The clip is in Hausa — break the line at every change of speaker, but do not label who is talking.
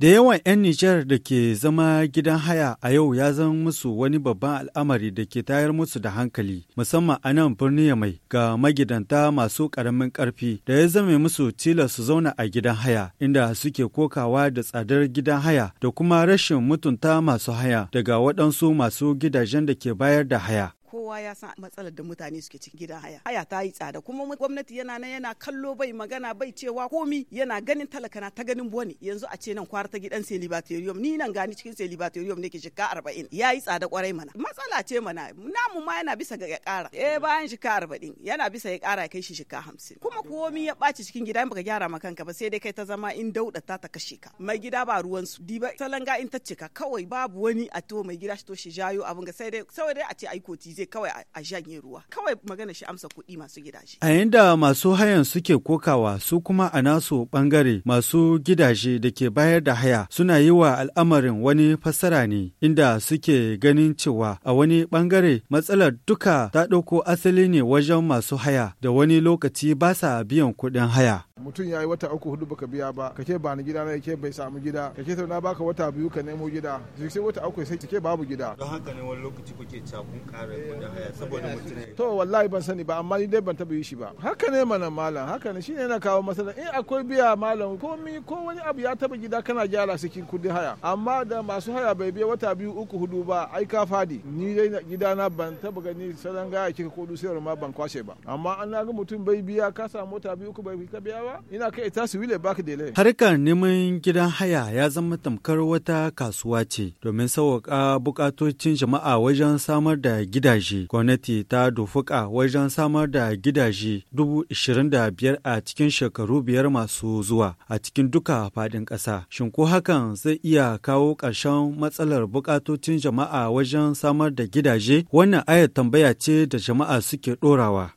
Da yawan 'yan Nijar da ke zama gidan haya a yau ya zama musu wani babban al'amari da ke tayar musu da hankali, musamman a nan birni mai ga magidanta masu ƙaramin ƙarfi da ya zame musu tilas su zauna a gidan haya, inda suke kokawa da tsadar gidan haya da kuma rashin mutunta masu haya daga waɗansu masu gidajen da ke bayar da haya.
kowa ya san matsalar da mutane suke cikin gidan haya haya ta yi tsada kuma gwamnati yana nan yana kallo bai magana bai cewa komi yana ganin talaka ta ganin bone yanzu a ce nan kwara gidan celibatorium ni nan gani cikin celibatorium nake shika arba'in ya yi tsada kwarai mana matsala ce mana namu ma yana bisa ga kara eh bayan shika arba'in yana bisa ya kara ya kai shi shika hamsin kuma komi ya baci cikin gida in baka gyara ma kanka ba sai dai kai ta zama in dauda ta ta kashe ka mai gida ba ruwan su diba salanga in ta cika kawai babu wani a to mai gida shi to shi jayo abin ga sai dai sai dai a ce ai koti zai kawai kawai a janye ruwa kawai magana shi amsa kuɗi masu gidaje
a yanda masu hayan suke kokawa su kuma a nasu ɓangare, masu gidaje da ke bayar da haya suna yi wa al'amarin wani fassara ne inda suke ganin cewa a wani ɓangare, matsalar duka ta ɗauko asali ne wajen masu haya da wani lokaci ba sa biyan kuɗin haya
mutum ya yi wata uku hudu baka biya ba kake ba ni gida na yake bai samu gida kake ta na baka wata biyu ka nemo gida sai wata uku sai kake babu gida don haka ne wani lokaci kuke
cakun ƙara kuɗin haya saboda mutum
to wallahi ban sani ba amma ni dai ban taɓa yi shi ba haka ne mana malam haka ne shine yana kawo masala in akwai biya malam mi ko wani abu ya taɓa gida kana gyara cikin kuɗin haya amma da masu haya bai biya wata biyu uku hudu ba ai ka fadi ni dai gida na ban taɓa gani sanan gaya kika ko dusiyar ma ban kwashe ba amma an na ga mutum bai biya ka samu wata biyu uku bai ka biya ba ina kai ta su wile baki dele.
Harkar neman gidan haya ya zama tamkar wata kasuwa ce domin sauƙa bukatocin jama'a wajen samar da gidaje. Gwamnati ta dofuka wajen samar da gidaje dubu ishirin da biyar a cikin shekaru biyar masu zuwa a cikin duka faɗin ƙasa. Shin ko hakan zai iya kawo ƙarshen matsalar bukatocin jama'a wajen samar da gidaje? Wannan ayar tambaya ce da jama'a suke ɗorawa.